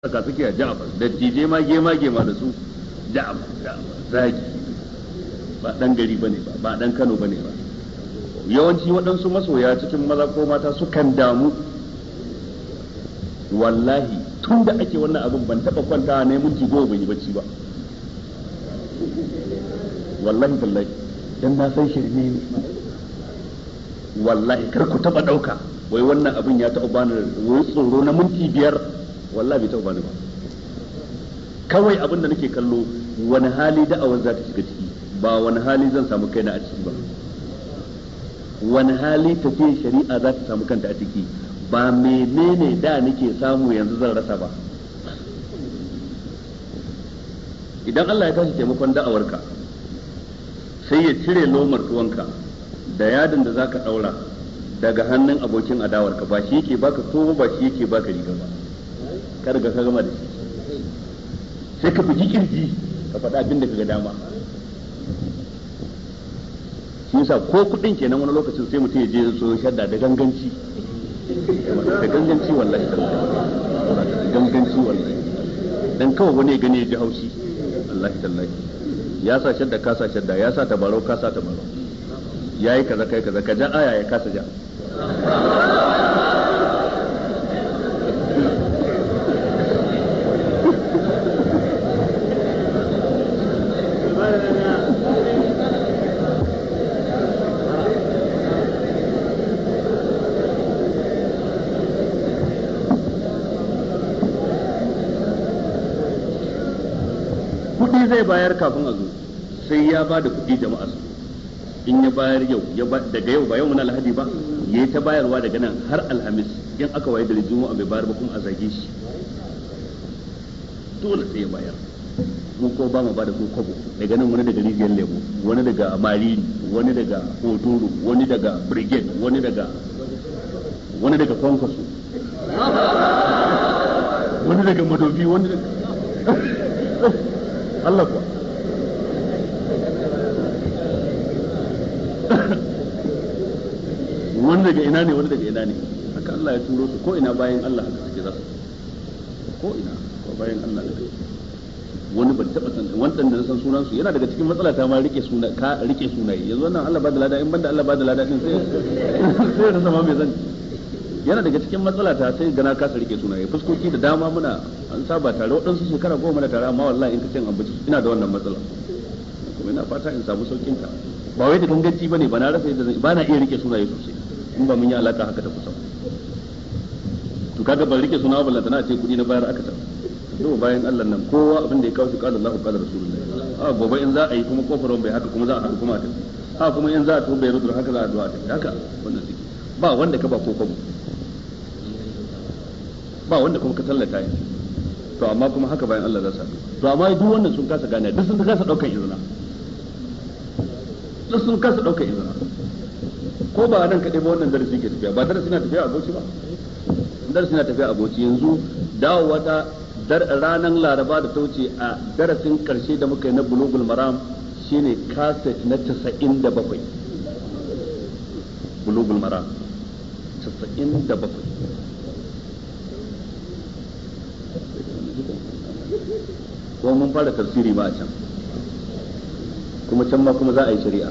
Ka suke a ja'afar da tije ma gema ma da su Ja'far zaki ba dan gari ne, ba ba dan Kano ba ne ba yawanci waɗansu masoya cikin maza ko mata sukan damu wallahi tun da ake wannan abin ban taɓa kwanta ne minti goma yi bacci ba wallahi wallahi dan na san shirme ne wallahi kar ku taɓa ɗauka wai wannan abin ya taɓa bani wai tsoro na minti biyar wallahi bai taɓa bani ba kawai abin da nake kallo wani hali da'awar za ta shiga ciki ba wani hali zan samu kaina a ciki ba wani hali tafiyar shari'a za ta samu kanta a ciki ba menene da nake samu yanzu zan rasa ba idan Allah ya tashi taimakon da'awarka sai ya cire lomar tuwanka da yadin da zaka daura daga hannun abokin adawarka ba shi yake baka to ba shi yake baka riga ba ka riga ka gama da shi sai ka fiji kirji ka faɗa abin da ka ga dama shi yasa ko kuɗin kenan wani lokacin sai mutum ya je so shadda da ganganci da ganganci wallahi da ganganci wallahi dan kawai wani ya gani ya ji haushi wallahi tallahi ya sa shadda ka sa shadda ya sa tabarau ka sa tabarau yayi kaza kai kaza ka ja aya ya kasa ja zai bayar kafin a zo sai ya ba da kuɗi jama'a su in ya bayar yau daga yau ba yau muna alhadi ba ya ta bayarwa daga nan har alhamis in aka waye da juma'a bai bayar ba kuma a zage shi dole sai ya bayar mu ko ba mu ba da ko kwabo daga nan wani daga rijiyar lemo wani daga marini wani daga hotoro wani daga brigade wani daga wani daga kwankwaso wani daga madobi wani daga Allah kuwa wani daga ina ne wani daga ina ne haka Allah ya turo su ko ina bayan Allah haka suke za su ko ina ko bayan Allah haka wani ban taba san wancan da na san sunan su yana daga cikin matsala ta ma rike suna ka rike sunaye yanzu wannan Allah ba da lada in banda Allah ba da lada din sai sai sama mai zan yana daga cikin matsala ta sai gana kasa rike sunaye fuskoki da dama muna an saba tare waɗansu shekara goma mana tare amma wallahi in ka ce ambaci ina da wannan matsala kuma ina fata in samu saukin ka ba wai da ganganci bane ba na rasa yadda ba na iya rike sunaye sosai in ba mun yi alaka haka ta kusa to kaga ban rike suna ba lantana ce kuɗi na bayar aka ta to bayan Allah nan kowa abin da ya kawo shi qala Allahu qala rasulullahi a gobe in za a yi kuma kofar bai haka kuma za a haka kuma a a kuma in za a tuba ya rudur haka za a duwa haka wannan ba wanda ka ba ko ba wanda kuma ka tallata yanzu to amma kuma haka bayan Allah za su to amma duk wannan sun kasa gane duk sun kasa ɗaukar izina duk sun kasa ɗaukar izina ko ba nan kaɗai ba wannan darasi ke tafiya ba darasi na tafiya a boci ba darasi na tafiya a boci yanzu dawowa ta ranar laraba da ta wuce a darasin karshe da muka yi na bulugul maram shine kaset na casa'in da bakwai bulugul maram casa'in da bakwai ko mun fara tafsiri ba a can kuma can ma kuma za a yi shari'a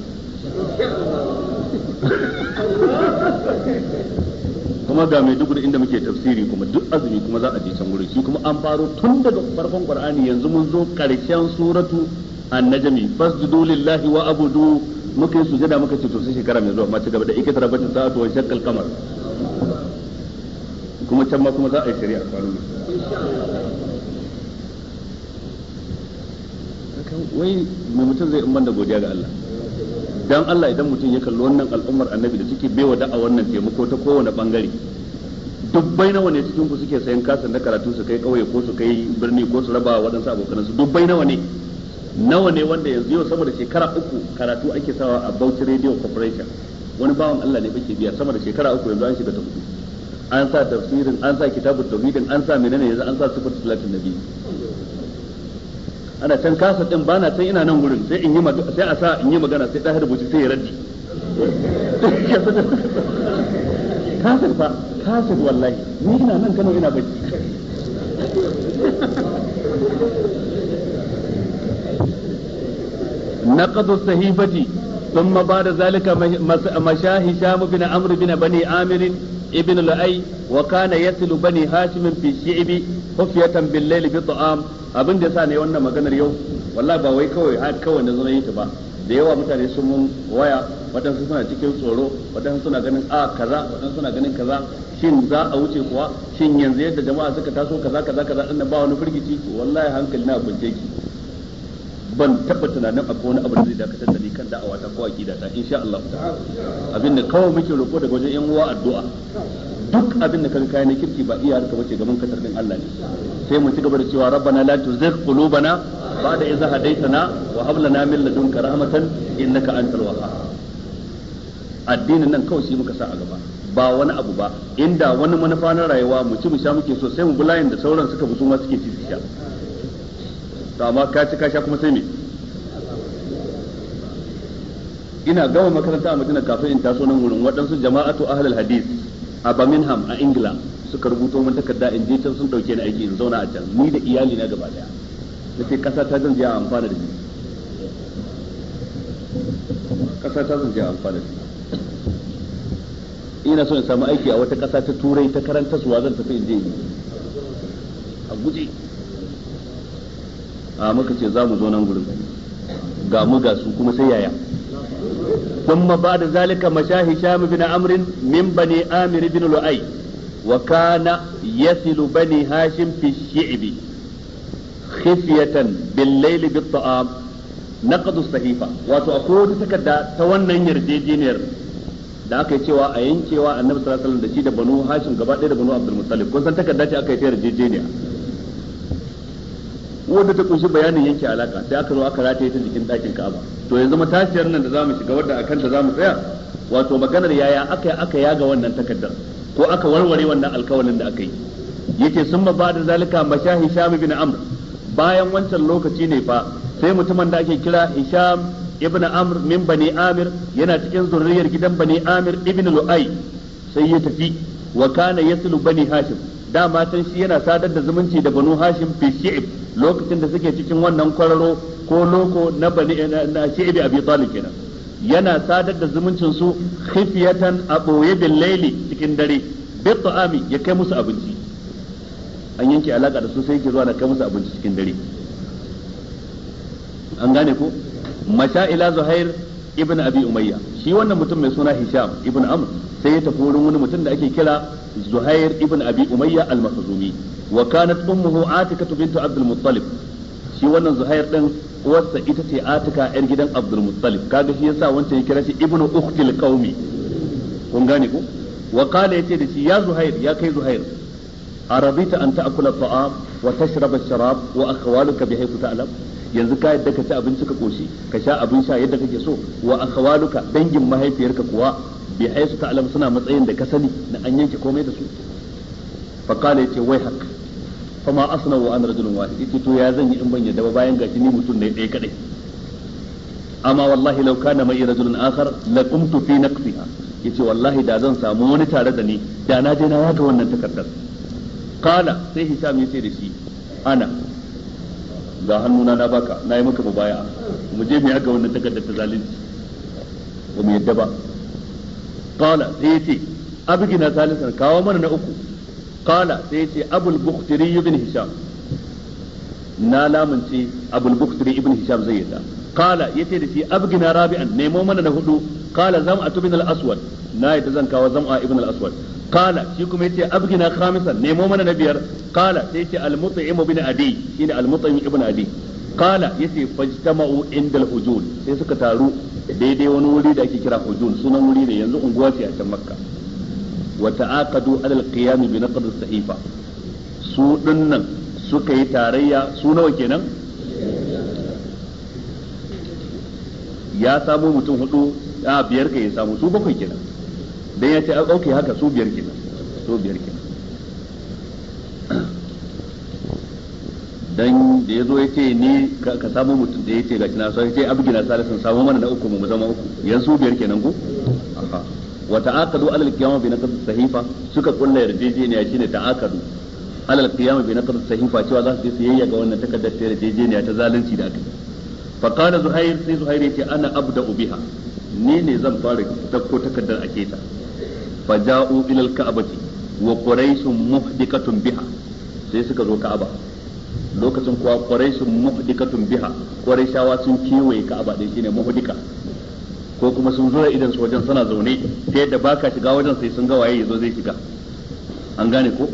kuma ga mai duk inda muke tafsiri kuma duk azumi kuma za a je can wurin shi kuma an faro tun daga farkon qur'ani yanzu mun zo karshen suratu annajmi fasjudu lillahi wa abudu muka yi sujada muka ce to sai shekara mai zuwa amma ci gaba da ike tarabatin sa'atu wa shakkal kamar kuma can ma kuma za a yi shari'a kwanu wai mai mutum zai umar da godiya ga Allah dan Allah idan mutum ya kalli wannan al'ummar annabi da suke baiwa da'a wannan taimako ta kowane bangare dubbai nawa ne cikin ku suke sayan kasan na karatu su kai kauye ko su kai birni ko su raba waɗansu abokan su dubbai nawa ne nawa ne wanda yanzu yau sama da shekara uku karatu ake sawa a Bauchi Radio Corporation wani bawan Allah ne bake biya sama da shekara uku yanzu an shiga ta hudu an sa tafsirin an sa kitabut tauhidin an sa menene yanzu an sa sifatu salatin nabi ana can kasa din ba na can ina nan gurin sai in yi sai a sa in yi magana sai dahir buci sai ya raddi kasa fa kasir wallahi ni ina nan kano ina bacci نقض الصحيفة ثم بعد ذلك مشى هشام بن عمرو بن بني عامر ابن lu'ay وكان kana بني هاشم في شعبي خفية بالليل بطعام layl abin da sa ne wannan maganar yau wallahi ba wai kawai har kawai na ba da yawa mutane sun mun waya waɗansu suna cikin tsoro waɗansu suna ganin a kaza waɗansu suna ganin kaza shin za a wuce kuwa shin yanzu yadda jama'a suka taso kaza kaza kaza din ba wani firgici wallahi hankali na bunce ki ban taba tunanin akwai wani abu da zai dakatar da ni kan da'awa ta ko aqida ta insha Allah abin da kawai muke roƙo daga wajen yan uwa addu'a duk abin da kanka yana kirki ba iya harka bace gaban katar din Allah ne sai mu ci gaba da cewa rabbana la tuzigh qulubana ba'da idh hadaytana wa hab lana min ladunka rahmatan innaka antal wahhab addinin nan kawai shi muka sa a gaba ba wani abu ba inda wani manufa na rayuwa mu ci mu sha muke so sai mu bulayin da sauran suka bi ma suke ci su sha to amma ka ci ka sha kuma sai me ina gama makaranta a Madina kafin in taso nan wurin waɗansu jama'atu ahlul hadith a Birmingham a Ingila suka rubuto min takarda in je can sun dauke ni aiki in zauna a can ni da iyali na gaba daya nace kasa ta zan je a amfana da ni kasa ta zan je a amfana da ni ina so in samu aiki a wata kasa ta turai ta karanta suwa zan tafi in je a guje a muka ce za mu zo nan gurin ga mu ga su kuma sai yaya ثم بعد ذلك مشى هشام بن عمرو من بني آمر بن لؤي وكان يسل بني هاشم في الشعب خفية بالليل بالطعام نقض الصحيفة takarda ta wannan yarjejeniyar da aka yi cewa a yankewa annabi sallallahu alaihi wasallam da shi da banu hashim gaba ɗaya da banu abdul muttalib kun san takarda ce aka yi ta yarjejeniya wadda ta kunshi bayanin yanke alaka sai aka zo aka rataye ta jikin ɗakin Ka'aba to yanzu matashiyar nan da zamu shiga wadda akan ta zamu tsaya wato maganar yaya aka aka yaga wannan takaddar ko aka warware wannan alkawalin da aka yi yake sun ma bada zalika mashahi sham bin Amr bayan wancan lokaci ne fa sai mutumin da ake kira Hisham ibn Amr min Bani Amir yana cikin zuriyar gidan Bani Amir ibn Lu'ay sai ya tafi wa kana yaslu Bani Hashim dama can shi yana sadar da zumunci da banu hashim fi shi'ib lokacin da suke cikin wannan kwararo ko loko na bani na shi'ib abi talib kenan yana sadar da zumuncin su khifyatan a boye bil laili cikin dare bi ta'ami ya kai musu abinci an yanke alaka da su sai yake zuwa na kai musu abinci cikin dare an gane ko masha'ila zuhair ibn abi umayya shi wannan mutum mai suna hisham ibn amr sai ya tafi wurin wani mutum da ake kira zuhair ibn abi umayya al-makhzumi wa kanat ummuhu atikatu bintu abdul muttalib shi wannan zuhair din uwarsa ita ce atika yar gidan abdul muttalib kaga shi yasa wancan ya kira shi ibn ukhtil qaumi kun gane ko wa qala yace da shi ya zuhair ya kai zuhair arabita an ta'kula ta'am wa tashraba ash-sharab wa akhwaluka bihaythu ta'lam yanzu ka yadda ka ci abinci ka koshi ka sha abin sha yadda kake so wa akhwaluka dangin mahaifiyarka kuwa bi ta ta'lam suna matsayin da ka sani na an yanke komai da su fa qala yace wai hak fa ma asna wa an rajulun wahid yace to ya zan yi in ban yadda ba bayan gashi ni mutum ne ɗaya kadai amma wallahi law kana mai rajulun akhar la kuntu fi naqsiha yace wallahi da zan samu wani tare da ni da na je na yaga wannan takardar kana sai hisam yace da shi ana ga hannuna na baka na yi maka mubaya mu je mu yaga wannan takardar ta zalunci ba mu yadda ba qala sai yace abgina salisan kawo mana na uku qala sai yace abul bukhtari ibn hisham na lamunci abul bukhtari ibn hisham zai yadda qala yace da shi abgina rabi'an nemo mana na hudu qala zam'atu bin al aswad na yadda zan kawo zam'a ibn al aswad Kala shi kuma yace abghina khamisan nemo mana na biyar kala sai yace al-mut'im ibn adi shine al ibn adi yace fajtama'u indal hujul sai suka taru daidai wani wuri da ake kira hujul sunan wuri ne yanzu unguwa ce a can makka wa ta'aqadu suka yi tarayya su nawa kenan ya samu mutum hudu a biyar ka ya samu su bakwai kenan dan ya ce a ah, dauke haka su biyar kenan su biyar kenan dan da yazo yace ni ka samu mutum da yace gashi na so yace abgina salisun samu mana na uku mu zama uku yan su biyar kenan ko wa ta'aqadu alal qiyam bi naqd sahifa suka kulla yarjejeniya shine ta'aqadu alal qiyam bi naqd sahifa cewa za su je yayya ga wannan takaddar ta yarjejeniya ta zalunci da aka fa qala zuhair sai zuhair yace ana abda'u biha ni ne zan fara dauko takaddar ake ta faja'u ila al-ka'bati wa quraishun muhdikatun biha sai suka zo ka'aba lokacin kuwa quraishun muhdikatun biha quraishawa sun kewaye ka'aba din shine muhdika ko kuma sun zo idan su wajen suna zaune ta yadda baka shiga wajen sai sun ga waye yazo zai shiga an gane ko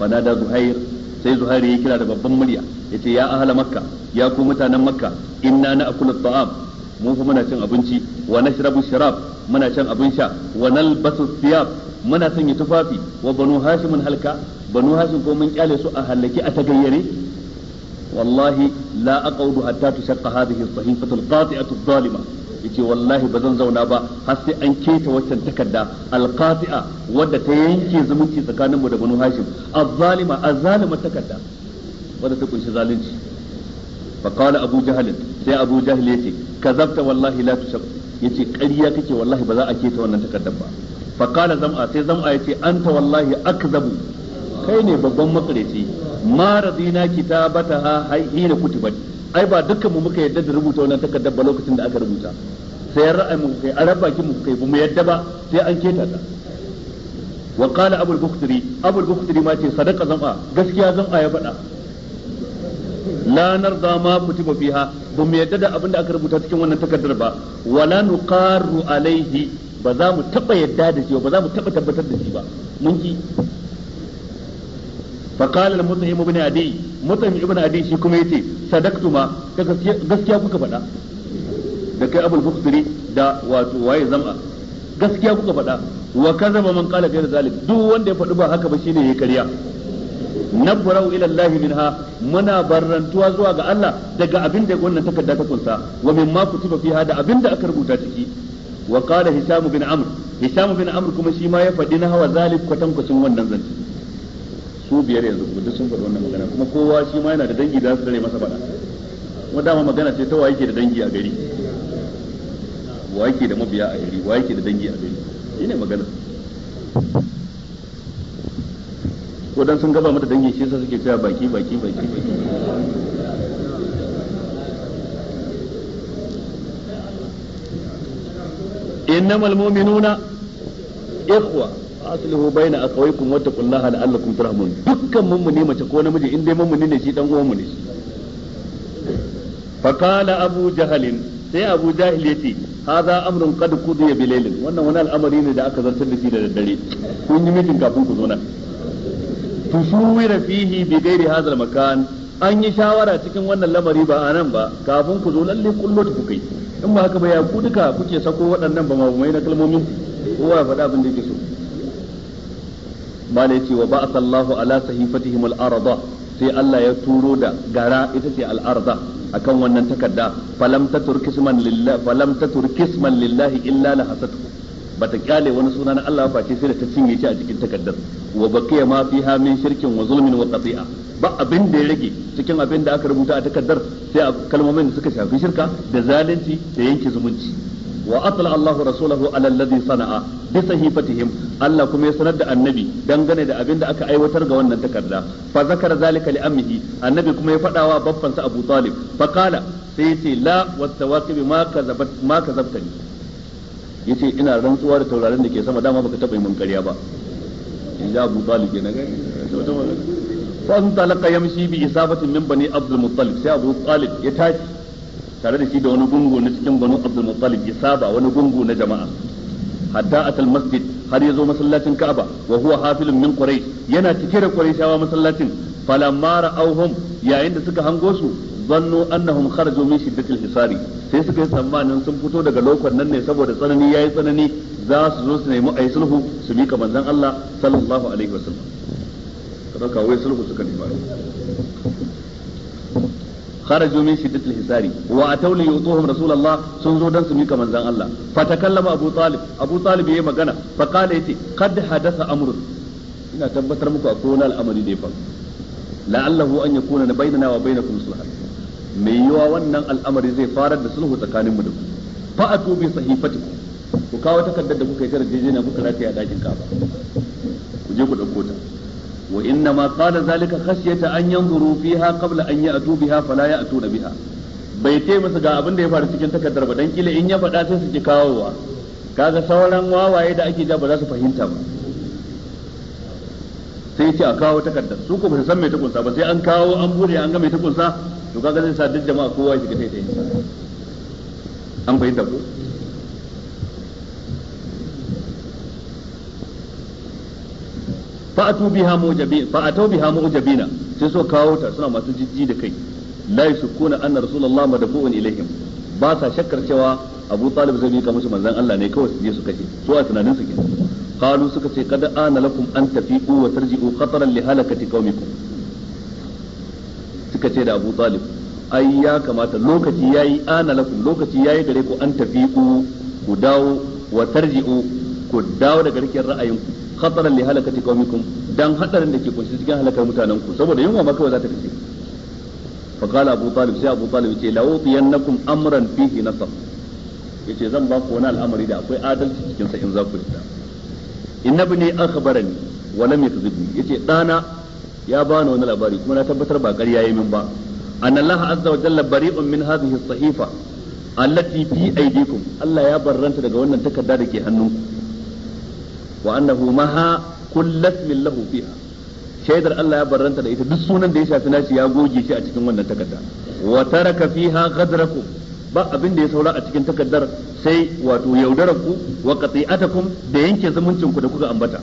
bana da zuhair sai zuhair ya kira da babban murya yace ya ahla makka ya ku mutanen makka inna na akulu ta'am mu kuma muna cin abinci wa nashrabu sharab muna cin abin sha wa nalbasu thiyab muna sanya tufafi wa banu hashimun halka banu hashim ko mun kyale su a halaki a tagayyare wallahi la aqudu hatta tushaqqa hadhihi as-sahifatu al-qati'atu adh-dhalima yace wallahi ba zan zauna ba har sai an keta waccan takarda alqati'a wadda ta yanke zumunci tsakanin mu da banu hashim az-zalima az-zalima takarda wadda ta kunshi zalunci fa qala abu jahl sai abu jahil yace kazabta wallahi la tushab yace ƙarya kake wallahi ba za a keta wannan takardar ba fa zam'a sai zam'a ya yace anta wallahi akzabu kai ne babban makareci ma radina kitabataha hina kutibat ai ba dukkan mu muka yadda da rubuta wannan takardar ba lokacin da aka rubuta sai ra'ayi mu kai araba ki mu kai ba mu yadda ba sai an keta ta wa kala abul bukhtari abul bukhtari ma ce sadaqa zam'a gaskiya zam'a ya faɗa Lanar da ma kutiba fiha ba mu yadda da abin da aka rubuta cikin wannan takardar ba wala nuqaru alaihi ba za mu taba yadda da shi ba za mu taba tabbatar da shi ba mun ki al-mutahim ibn adi mutahim ibn adi shi kuma yace يتي ma gaskiya kuka faɗa da kai abul bukhari da wato waye zam'a gaskiya kuka faɗa wa kazaba man qala ghayra zalik duk wanda ya faɗi ba haka ba shine yayi ƙarya nabrau ila Allah minha muna barrantuwa zuwa ga Allah daga abin da wannan takarda ta kunsa wa ma kutiba fiha da abin da aka rubuta ciki wa qala hisam bin amr hisam bin amr kuma shi ma ya faɗi na hawa zalik kwatan kwacin wannan zanci su biyar yanzu duk sun faɗi wannan magana kuma kowa shi ma yana da dangi da su dare masa faɗa kuma dama magana ce ta waye ke da dangi a gari wa ke da mabiya a gari wa ke da dangi a gari shine magana ko sun gaba mata dangi shi yasa suke cewa baki baki baki baki innamal mu'minuna ikhwa aslihu baina akhawaykum wattaqullaha la'allakum turhamun dukkan mummuni mace ko namiji in dai mummuni ne shi dan uwan mu ne fa qala abu jahalin sai abu jahil yace hadha amrun qad qudiya bilailin wannan wani al'amari ne da aka zartar da shi da daddare kun yi mitin kafin ku zo nan tusuwira fihi bi ghairi hadha an yi shawara cikin wannan lamari ba a nan ba kafin ku zo lalle kullo ta kuka in ba haka ba ya ku duka kuke sako waɗannan ba mabumai na kalmomin kowa ya faɗi abin da yake so ba ce wa ba'atha Allahu ala sahifatihim al-arda sai Allah ya turo da gara ita ce al-arda akan wannan takarda falam tatur lillahi falam tatur kisman lillahi illa ba ta kyale wani suna na Allah ce sai da ta cinye shi a cikin takaddar wa baqiya ma fiha min shirkin wa zulmin wa qati'a ba abin da ya rage cikin abin da aka rubuta a takaddar sai a kalmomin da suka shafi shirka da zalunci da yanke zumunci wa atla Allahu rasulahu ala alladhi sana'a bi sahifatihim Allah kuma ya sanar da annabi dangane da abin da aka aiwatar ga wannan takarda fa zakara zalika li ammihi annabi kuma ya fada wa babban sa Abu Talib fa qala sai yace la wattawaqi ma kazabat ma kazabtani yace ina rantsuwa da taurarin da ke sama dama baka taba mun ƙarya ba in ja Abu Talib ke naga fa sun talaka yamshi bi isabatin min bani Abdul Muttalib sai Abu Talib ya tashi tare da shi da wani gungu na cikin banu Abdul Muttalib isaba wani gungu na jama'a hatta atal masjid har ya zo masallacin Ka'aba wa huwa hafilun min Quraysh yana cike da Qurayshawa masallacin falamma ra'awhum yayin da suka hango su zannu annahum kharaju min shiddatil hisari sai suka yi tsammanin sun fito daga lokacin nan ne saboda tsanani yayi tsanani za su zo su nemi ayi sulhu su bi ka manzon Allah sallallahu alaihi wasallam kada ka wai sulhu suka nemi kharaju min shiddatil hisari wa ataw li yutuhum rasulullah sun zo dan su mika manzon Allah fa takallama abu talib abu talib yayi magana fa kale yace qad hadatha amrun ina tabbatar muku akwai wani al'amari da ya faru la'allahu an yakuna bainana wa bainakum sulhan mai yiwa wannan al'amari zai farar da sulhu tsakanin da fa a tubi sahifati ku kawo takardar da kuka yi tarar jejena kuka rataya a dakin kafa ku je ku dauko ta wa inna ma qala zalika khashyata an yanzuru fiha qabla an ya'tu biha fala ya'tu biha bai ce masa ga abin da ya faru cikin takardar ba dan kila in ya faɗa sai su ki kawowa kaga sauran wawaye da ake ja ba za su fahimta ba sai ce a kawo takardar su ko san mai ta kunsa ba sai an kawo an bude an ga mai ta kunsa to kaga zai sa duk jama'a kowa shiga tai dai an bayyana ko fa'atu biha mujabi fa'atu biha mujabina sai so kawo ta suna masu jijji da kai la yashkuna anna rasulullahi madbu'un ilaihim ba sa shakkar cewa Abu Talib zai ka musu manzon Allah ne kawai su je su kace su a tunanin su kenan qalu suka ce kad Abu Talib ai ya kamata lokaci yayi ana lakum lokaci yayi gare ku an tafi ku dawo wa tarji'u ku dawo daga rikin ra'ayinku khataran li halakati qaumikum dan hadarin da ke kunshi cikin halakar mutanen ku saboda yunwa ma kawai za ta kace fa qala Abu Talib sai Abu ce zan ba ku wani al'amari da akwai adalci cikinsa in za ku Inna an khabarani wa lam yakzibni yace dana ya bani wani labari kuma na tabbatar ba ƙarya yayi min ba anna Allah azza wa jalla bari'un min hadhihi as-sahifa allati fi aydikum Allah ya barranta daga wannan takarda da ke hannunku wa annahu maha kullas min lahu fiha shaidar Allah ya barranta da ita duk sunan da ya shafi nashi ya goge shi a cikin wannan takarda wa taraka fiha ghadrakum ba abin da ya saura a cikin takardar sai wato yaudarar ku wa qati'atakum da yanke zumuncin ku da kuka ambata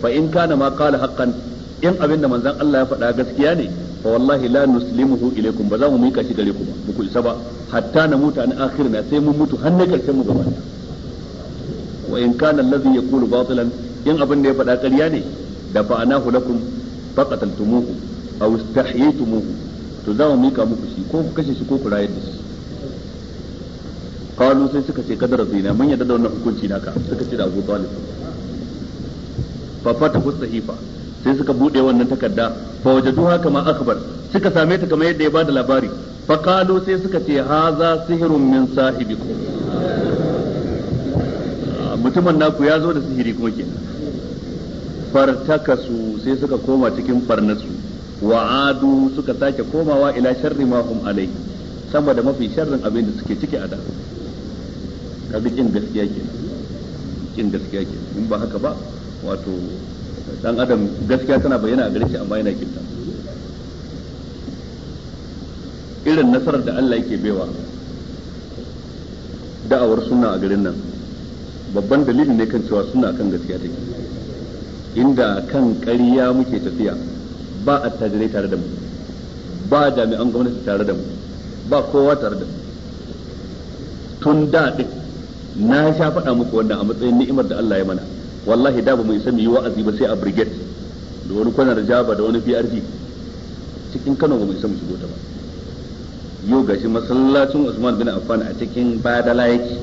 fa in kana ma qala haqqan in abin da manzon Allah ya faɗa gaskiya ne fa wallahi la nuslimuhu ilaykum ba za mu mika shi gare ku ba muku isa ba hatta na mutu an na sai mun mutu har na karshen mu gaba wa in kana allazi yaqulu batilan in abin da ya faɗa ƙarya ne da fa'anahu lakum faqataltumuhu aw istahyaytumuhu to za mu mika muku shi ko ku kashe shi ko ku rayar da shi qalu sai suka ce kadara zina mun yadda da wannan hukunci naka suka ce da Abu Talib fa fatahu Hifa sai suka bude wannan takarda fa duha kama Akabar suka same ta kamar yadda ya ba da labari fa qalu sai suka ce haza sihrun min sahibi ko. mutumin naku ya zo da sihiri kuma kenan fartakasu sai suka koma cikin farnasu wa'adu suka sake komawa ila sharri ma hum alai sama da mafi sharrin abin da suke ciki a da kaga kin gaskiya ke kin gaskiya ke in ba haka ba wato dan adam gaskiya tana bayyana a gare shi amma yana kinta irin nasarar da Allah yake baiwa da'awar sunna a garin nan babban dalili ne kan cewa sunna kan gaskiya take inda kan ƙarya muke tafiya ba attajirai tare da mu ba jami'an gwamnati tare da mu ba kowa tare da mu tun da ɗin na sha faɗa muku wannan a matsayin ni'imar da Allah ya mana wallahi da ba mu isa mu yi wa'azi ba sai a brigade da wani kwanar jaba da wani PRP cikin Kano ba mu isa mu shigo ta ba yau gashi masallacin Usman bin Affan a cikin Badala yake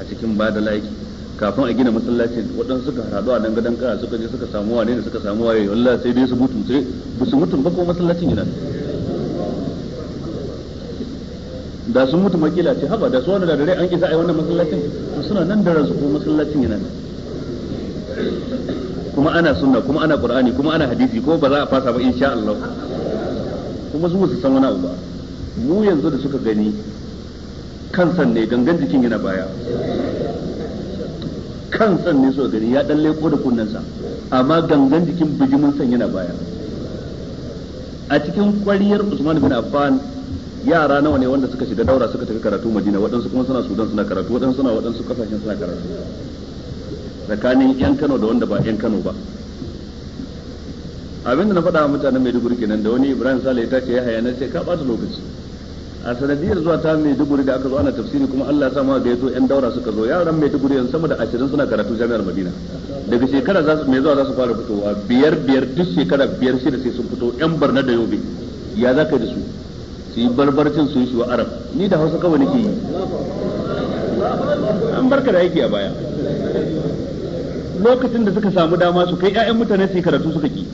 a cikin Badala yake kafin a gina masallacin waɗansu suka haɗu a dangadan kara suka je suka samu wane ne suka samu waye wallahi sai dai su mutu sai ba su mutu ba ko masallacin yana da sun mutu makila ce haba da su wani da dare an kisa yi wannan masallacin to suna nan da ransu ko masallacin yana nan kuma ana sunna kuma ana qur'ani kuma ana hadisi ko ba za a fasa ba insha Allah kuma su su san wani abu ba mu yanzu da suka gani kansan ne gangan jikin yana baya kansan ne suka gani ya dan ko da kunnensa amma gangan jikin bijimin san yana baya a cikin kwariyar Usman bin Affan yara nawa ne wanda suka shiga daura suka tafi karatu madina waɗansu kuma suna sudan suna karatu waɗansu suna waɗansu kasashen suna karatu tsakanin yan kano da wanda ba yan kano ba abinda na faɗa mutanen maiduguri kenan da wani ibrahim sale ya tashi ya haya na ce ka ɓata lokaci a sanadiyar zuwa ta maiduguri da aka zo ana tafsiri kuma allah ta ma ga yan daura suka zo yaran maiduguri yanzu sama da ashirin suna karatu jami'ar madina daga shekara mai zuwa za su fara fitowa biyar biyar duk shekara biyar shida sai sun fito yan barna da yobe ya za ka yi da su su yi barbarcin su yi wa ni da hausa kawai nake yi an barka da aiki a baya lokacin da suka samu dama su kai 'ya'yan mutane su yi karatu suka ki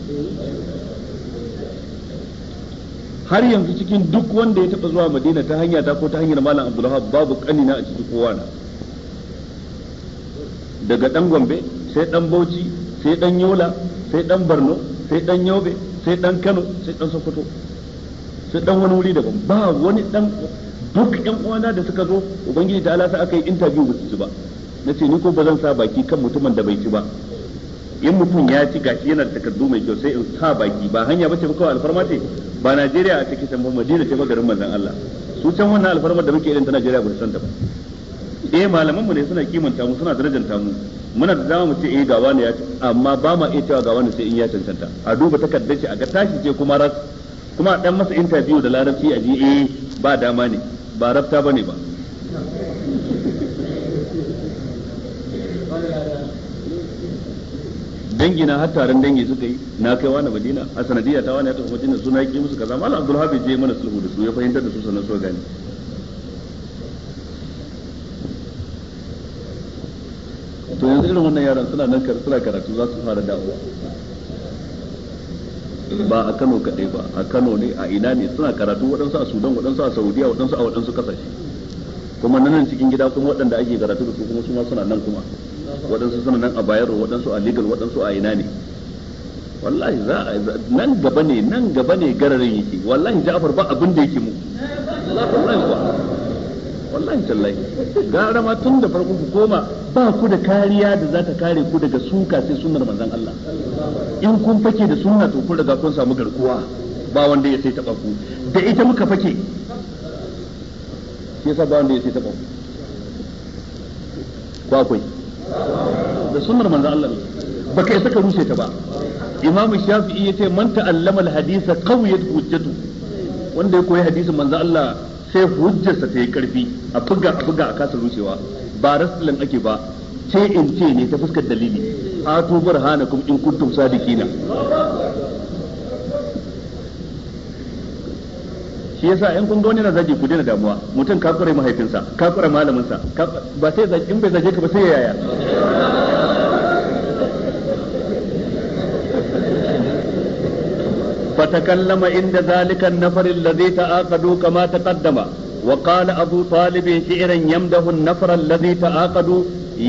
har yanzu cikin duk wanda ya taɓa zuwa madina ta hanya ta ko ta hanyar malam abdulhab babu kanina a cikin kowa na daga dan gombe sai dan bauchi sai dan yola sai dan barno sai dan yobe sai dan kano sai dan sokoto sai dan wani wuri daban ba wani dan duk yan uwana da suka zo ubangiji ta alasa aka yi interview ba su ba na ce ni ko ba zan sa baki kan mutumin da bai ci ba in mutum ya ci gashi yana da takardu mai kyau sai in sa baki ba hanya ba ce ba kawai alfarma ce ba Najeriya a cikin san ba Madina ce ba garin manzan Allah su can wannan alfarmar da muke irin ta Najeriya ba su san ta ba eh malaman mu ne suna kimanta mu suna darajanta mu muna da dama mu ce eh gawa ne ya ci amma ba ma iya cewa gawa ne sai in ya cancanta a duba takardar shi a ga tashi ce kuma ras kuma a dan masa interview da larabci a ji eh, ba dama ne ba rafta bane ba dangi na hattarin dangi suka yi na kai wani madina a sanadiyya ta wani ya tafi madina suna yake musu kaza malam abdul habib je mana sulhu da su ya fahimtar da su sannan su gane to yanzu irin wannan yaran suna nan suna karatu za su fara damuwa. ba a Kano kaɗai ba a Kano ne a ina ne suna karatu waɗansu a Sudan waɗansu a Saudiya waɗansu a waɗansu kasashe kuma nan cikin gida kuma waɗanda ake karatu da su kuma su ma suna nan kuma waɗansu suna nan a Bayero waɗansu a Legal waɗansu a ina ne wallahi za a nan gaba ne nan gaba ne gararin yake wallahi Ja'far ba abin da yake mu wallahi ba wallahi tallahi gara ma tun da farko ku koma ba ku da kariya da za ta kare ku daga suka sai sunnar manzon Allah in kun fake da sunna to kun riga kun samu garkuwa ba wanda ya sai taba ku da ita muka fake shi yasa ba wanda ya sai taba ku ko akwai da sunnar manzon Allah ba kai saka rushe ta ba imam shafi'i yace man ta'allama al-hadisa qawiyat hujjatu wanda ya koyi hadisin manzon Allah sai hujjarsa ta yi karfi a buga a buga a kasa rushewa ba rasulun ake ba ce in ce ne ta fuskar dalili atu burhanakum in kuntum sadiqina shi yasa in kun ga wani na zagi ku daina damuwa mutum ka kure mahaifinsa ka kure malamin sa ba sai zagi in bai zage ka ba sai yaya وتكلم عند ذلك النفر الذي تعاقدوا كما تقدم وقال أبو طالب شعرا يمده النفر الذي تعاقدوا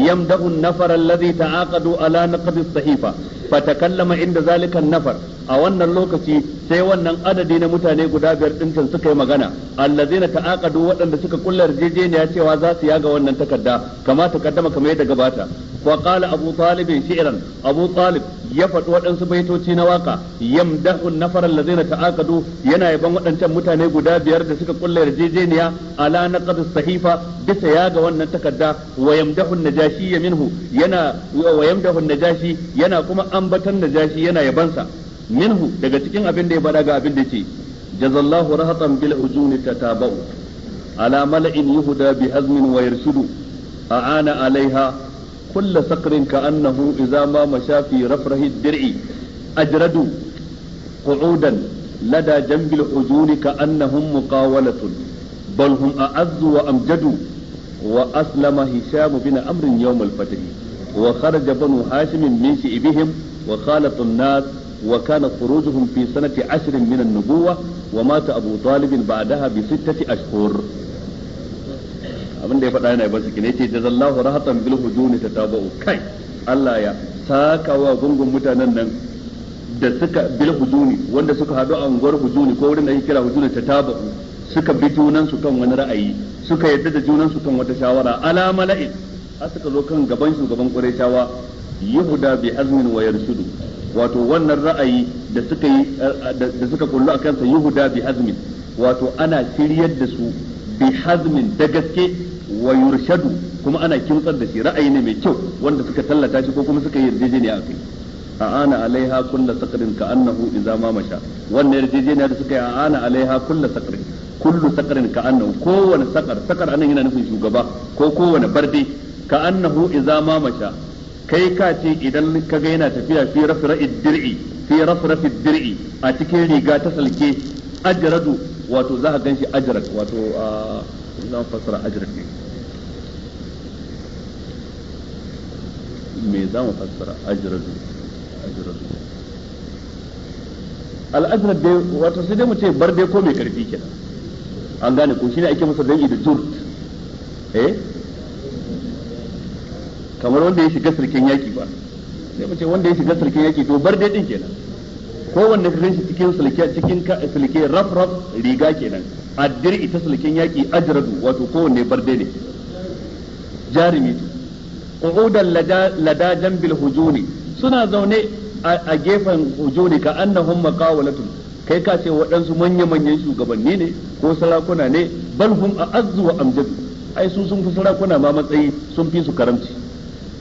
يمده النفر الذي تعاقدوا على نقد الصحيفة فتكلم عند ذلك النفر a wannan lokaci sai wannan adadi na mutane guda biyar din can suka yi magana allazina ta'aqadu waɗanda suka kulla yarjejeniya cewa za su yaga wannan takarda kama takaddama kamar yadda gabata wa qala abu talib shi'ran abu talib ya faɗi waɗansu baitoci na waka yamdahu nafar allazina ta'aqadu yana yaban waɗancan mutane guda biyar da suka kulla yarjejeniya ala naqd sahifa bisa yaga wannan takarda wa yamdahu najashi minhu yana wa yamdahu najashi yana kuma ambatan najashi yana yabansa minhu daga cikin abin da ya faɗa ga abin da yake jazallahu rahatan bil ujuni tatabau ala mala'in yuhda bi azmin wa yarshudu a'ana alaiha kull saqrin ka'annahu idza ma mashafi rafrahi dir'i ajradu qu'udan lada jambil ujuni ka'annahum muqawalatun bal hum a'azzu wa amjadu wa aslama hisham bin amrin yawm al-fath wa kharaja banu hashim min shi'bihim wa khalatu nas wa kana khurujuhum fi sanati ashrin min an-nubuwa wa mata abu talib ba'daha bi sittati ashhur abin da ya faɗa yana ba su kine yace jazallahu rahatan bil hujuni tatabu kai Allah ya saka wa gungun mutanen nan da suka bil hujuni wanda suka hadu a unguwar hujuni ko wurin da ake kira hujuni tatabu suka bi junan su kan wani ra'ayi suka yadda da junan su kan wata shawara ala mala'in har suka zo kan gaban shugaban Qurayshawa yahuda bi azmin wa yarshudu wato wannan ra'ayi da suka yi eh, eh, da suka kullu akan sa yuhuda bi hazmin wato ana shiryar da su bi hazmin da gaske wa yurshadu kuma ana kintsar da shi ra'ayi ne mai kyau wanda suka tallata shi ko kuma suka yi yarjejeniya a kai ana alaiha kulla saqrin annahu idza ma masha wannan yarjejeniya da suka yi a ana alaiha kulla saqrin kullu saqrin annahu kowane saqar saqar anan yana nufin shugaba ko kowane barde annahu idza ma masha kai ka ce idan ka ga yana tafiya fi rafra'id dir'i fi rafra'id dir'i a cikin riga ta salke ajradu wato za a ganshi ajrak wato a ina fasara ajrak ne me za mu fasara ajradu ajradu al-ajrad dai wato sai dai mu ce bar dai ko mai karfi kenan an gane ko shine ake masa dangi da jurt eh kamar wanda ya shiga sarkin yaki ba sai mu ce wanda ya shiga sarkin yaki to bar dai din kenan ko wanda ka ganshi cikin sulke cikin sulke raf raf riga kenan addir ita sulkin yaki ajradu wato kowanne bar dai ne jarimi qu'udan lada jambil hujuni suna zaune a gefen hujuni ka annahum maqawalatun kai ka ce waɗansu manya-manyan shugabanni ne ko sarakuna ne balhum a azzu wa amjadu ai su sun fi sarakuna ma matsayi sun fi su karamci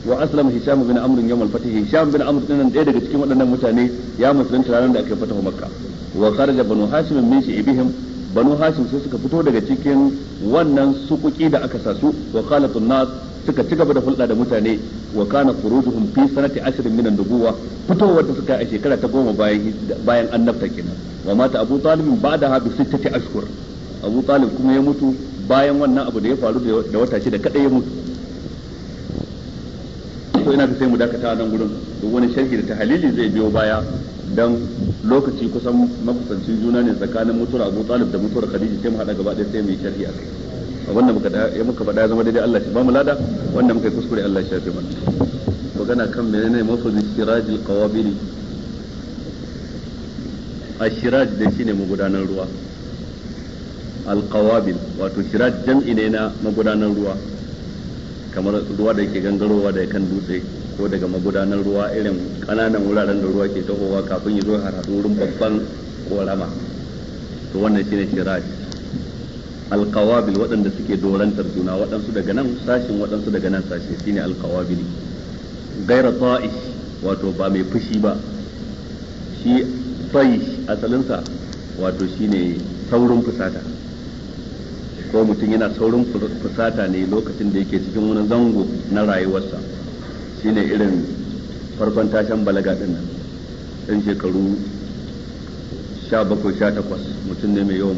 wa aslam hisham bin amr yawm al-fath hisham bin amr din ɗaya daga cikin waɗannan mutane ya musulunta ranar da aka fatahu makka wa kharaja banu hashim min shi'bihim banu hashim sai suka fito daga cikin wannan sukuki da aka sasu wa qalatun nas suka ci gaba da hulɗa da mutane wa kana khurujuhum fi sanati ashrin min an-nubuwa fitowar da suka a shekara ta goma bayan bayan annabta kenan wa mata abu talib ba'daha bi sittati ashhur abu talib kuma ya mutu bayan wannan abu da ya faru da wata shida kada ya mutu to ina da sai mu dakata nan gurin duk wani sharhi da tahalili zai biyo baya dan lokaci kusan makusancin juna ne tsakanin mutuwar Abu Talib da mutuwar Khadija sai mu hada gaba ɗaya sai mu yi sharhi a kai abinda muka da ya muka faɗa ya zama daidai Allah shi ba mu lada wanda muka yi kuskure Allah ya shafe mana magana kan menene mafuzi sirajil qawabili ashiraj da shine magudanar ruwa al qawabil wato shiraj jam'i ne na magudanar ruwa kamar ruwa da ke gangarowa daga kan dutse ko daga magudanar ruwa irin kananan wuraren da ruwa ke tahowa kafin ya zo har wurin babban korama to wannan shine shirai alkawabil waɗanda suke dorantar juna waɗansu daga nan sashin waɗansu daga nan shi shine alkawabil gaira ta'ish wato ba mai fushi ba shi ta'ish asalinsa wato shine saurin fusata ko mutum yana saurin fusata ne lokacin da yake cikin wani zango na rayuwarsa shine irin farkon tashan balaga din nan ɗan shekaru sha bakwai sha takwas mutum ne mai yawan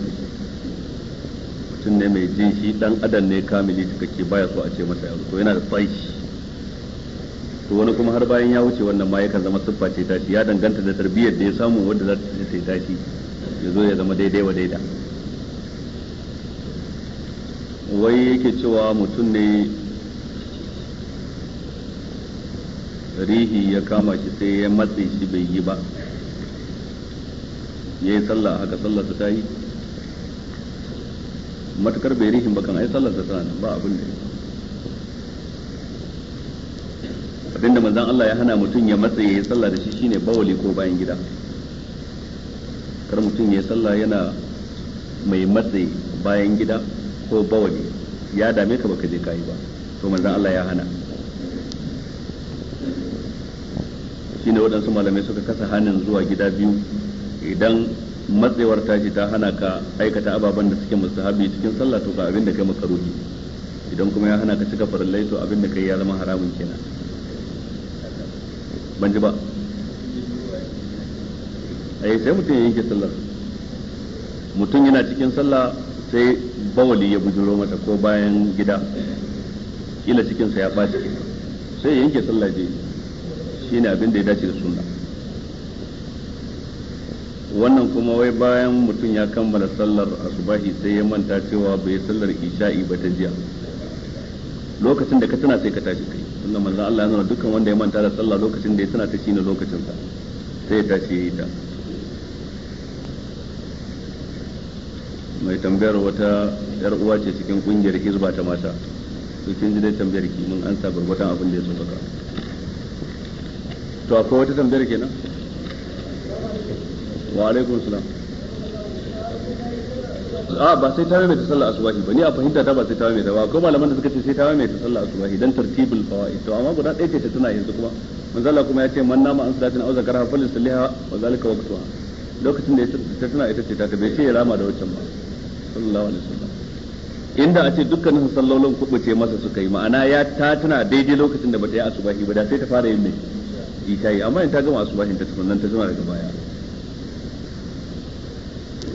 mutum ne mai jin shi dan adam ne kamili kake baya so a ce masa yaro ko yana da tsaishi to wani kuma har bayan ya wuce wannan ma yakan zama siffa ce tashi ya danganta da tarbiyyar da ya samu wadda za ta ce tashi ya zo ya zama daidai wa daida wai yake cewa mutum ne rihi ya kama shi sai ya matse shi bai yi ba ya yi sallah haka su ta yi matukar bai rihin ba kan ai su ta ba abin da abinda manzan Allah ya hana mutum ya matse ya yi sallah da shi shine bawali ko bayan gida kar mutum ya yi sallah yana mai matse bayan gida ko bawani ya dame ka baka je kayi ba to manzon Allah ya hana shine waɗansu malamai suka kasa hanin zuwa gida biyu idan matsewar tashi ta hana ka aikata ababen da suke mustahabi cikin sallah to ba abin da kai makaruhi idan kuma ya hana ka cika farallai to abin da kai ya zama haramun kenan ban ji ba ai eh, sai mutum ya yanke sallar mutum yana cikin sallah sai bawali ya bujuro mata ko bayan gida kila cikinsa ya ɓaci sai ya yanke sallah je shi ne abin da ya dace da sunna wannan kuma wai bayan mutum ya kammala sallar asubahi sai ya manta cewa bai sallar isha'i ba ta jiya lokacin da ka tana sai ka tashi kai wannan manzon Allah ya nuna dukkan wanda ya manta da sallah lokacin da ya tana ta shine lokacin sa sai ya tashi ya yi ta mai tambayar wata yar uwa ce cikin kungiyar hizba ta mata to kin ji dai tambayar ki mun ansa gurgurtan abin da ya saka to akwai wata tambayar kenan wa alaikum salam a ah, ba sai ta mai ta sallar asubahi ba ni a fahimta ta ba sai ta mai ta ba ko malaman da suka ce sai ta mai ta sallar asubahi dan tartibul fawaid to amma guda ɗaya ce ta tana yanzu kuma manzo Allah kuma ya ce man nama an salatin auza karha fa lisallaha wa zalika waqtuha lokacin da ta tana ita ce ta bai ce ya rama da wancan ba sallallahu alaihi wasallam inda a ce dukkanin sallolin kubuce masa suka yi ma'ana ya ta tana daidai lokacin da bata yi asubahi ba da sai ta fara yin ita yi amma in ta gama asubahin ta tukunan ta zama daga baya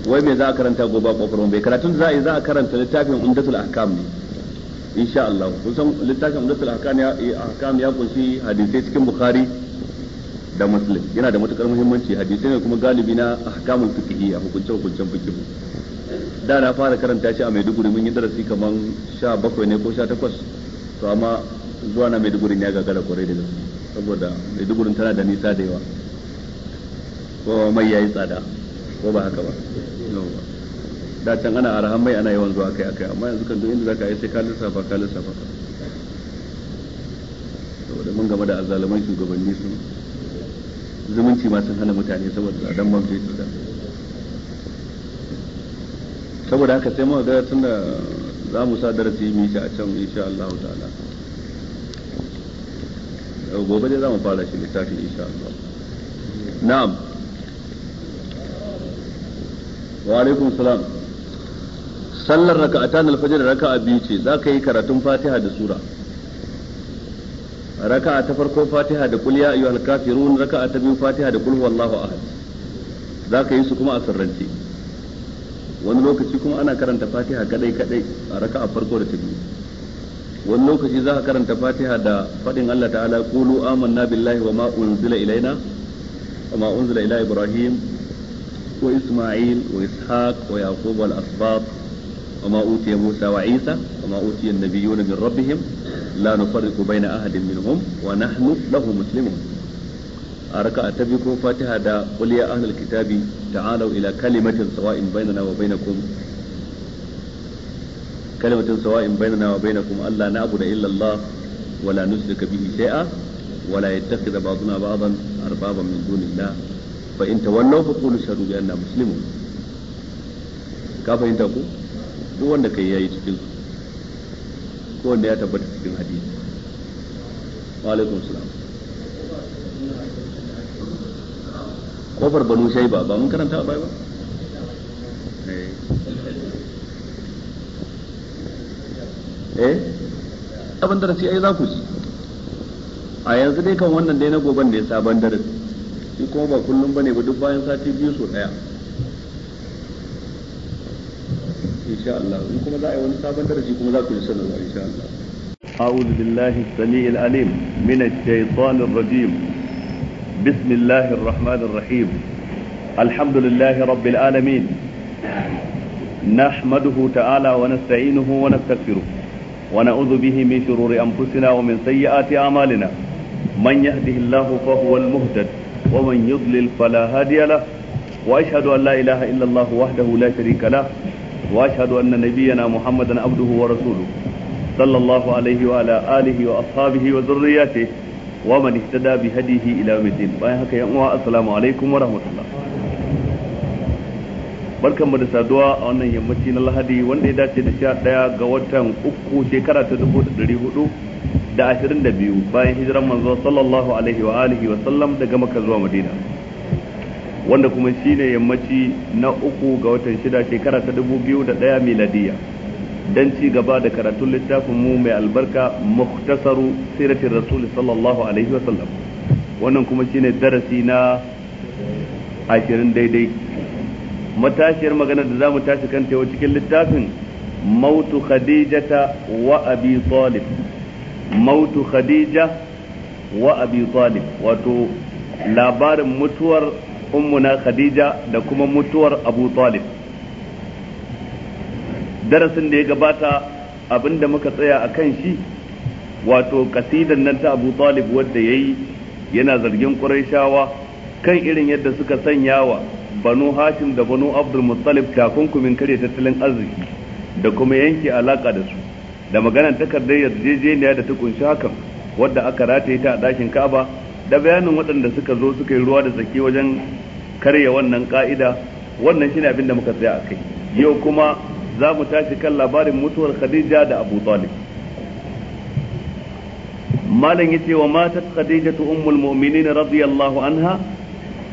wai me za a karanta gobe ba kofar bai karatun za a yi za a karanta littafin umdatul ahkam ne insha Allah san littafin umdatul ahkam ya eh, ahkam ya kunshi hadisai cikin bukhari da muslim yana da matukar muhimmanci hadisai ne kuma galibi na ahkamul fiqhiyya hukunce hukuncen fiqh da na fara karanta shi a Maiduguri mun yi darasi kaman 17 ne ko 18 to amma zuwa na Maiduguri ya gagara kwarai da gaske saboda Maiduguri tana da nisa da yawa ko mai yayi tsada ko ba haka ba da can ana arhan mai ana yawan zuwa kai akai amma yanzu kan duk inda zaka yi sai ka lissafa ka lissafa saboda mun gama da azzaluman shugabanni sun zumunci ma sun hana mutane saboda tsadan man fetur tsada saboda haka sai muka ga tunda za mu sa darasi mu shi a can insha Allah ta'ala gobe dai za mu fara shi littafin insha Allah na'am wa alaikum salam sallar raka'atan alfajr raka'a biyu ce za ka yi karatun fatiha da sura raka'a ta farko fatiha da kul ya ayyuhal kafirun raka'a ta biyu fatiha da kul huwallahu ahad za ka yi su kuma a sirrance wani lokaci kuma ana karanta fatiha kadai kadai a a farko da ta biyu wani lokaci za a karanta fatiha da fadin Allah ta'ala qulu amanna billahi wa ma unzila ilaina wa ma unzila ila ibrahim wa isma'il wa ishaq wa yaqub wal asbab wa ma utiya musa wa isa wa ma utiya an-nabiyyuna min rabbihim la nufarriqu ahadin minhum wa nahnu lahu muslimun a raka ta biyu ko fatiha da qul ya ahlal kitabi ta'alu ila kalimatin sawa'in bainana wa bainakum kalimatin sawa'in bainana wa bainakum alla na'budu illa Allah wa la nushrika bihi shay'a wa la yattakhidha ba'duna ba'dan arbaban min dunillah fa in tawallaw fa qulu shahadu bi anna muslimun ka fahimta ko duk wanda kai yayi cikin ko wanda ya tabbata cikin hadisi wa alaikum salam kofar banu shai ba mun karanta ba ba eh, eh? abin darasi ai za ku ji a yanzu dai kan wannan dai na goban da ya sabon darasi shi kuma ba kullum bane ba duk bayan sati biyu so daya insha Allah in kuma za a yi wani sabon darasi kuma za ku ji sanarwa insha Allah أعوذ بالله السميع العليم من الشيطان الرجيم بسم الله الرحمن الرحيم الحمد لله رب العالمين نحمده تعالى ونستعينه ونستغفره ونعوذ به من شرور أنفسنا ومن سيئات أعمالنا من يهده الله فهو المهتد ومن يضلل فلا هادي له وأشهد أن لا إله إلا الله وحده لا شريك له وأشهد أن نبينا محمدا عبده ورسوله صلى الله عليه وعلى آله وأصحابه وذرياته wa man ihtada bi hadihi ila midin bayan haka yan uwa assalamu alaikum wa barkan mu da saduwa a wannan yammaci na lahadi wanda ya dace da sha daya ga watan uku shekara ta dubu da dari hudu da ashirin da biyu bayan hijiran manzo sallallahu alaihi wa alihi wa sallam daga maka zuwa madina wanda kuma shine yammaci na uku ga watan shida shekara ta dubu biyu da daya miladiyya dan ci gaba da karatun littafin mu mai albarka muhtasaru siratin rasul sallallahu alaihi wasallam wannan kuma shine darasi na ashirin daidai matashiyar magana da zamu tashi kanta yau cikin littafin mautu khadijata wa abi talib mautu khadija wa abi talib wato labarin mutuwar ummuna khadija da kuma mutuwar abu talib darasin da ya gabata abinda muka tsaya a kan shi wato kasidan nan ta abu talib wadda ya yi yana zargin ƙurashawa kan irin yadda suka sanya wa banu hashim da banu abdul muttalib takunkumin karya tattalin arziki da kuma yanke alaka da su da maganar takardar yarjejeniya da ta kunshi hakan wadda aka rataye ta a ɗakin ka'aba da bayanin waɗanda suka zo suka yi ruwa da tsaki wajen karya wannan ka'ida wannan shine abin da muka tsaya a kai yau kuma za mu tashi kan labarin mutuwar khadija da abu talib malam yace wa khadija khadijatu ummul mu'minin radiyallahu anha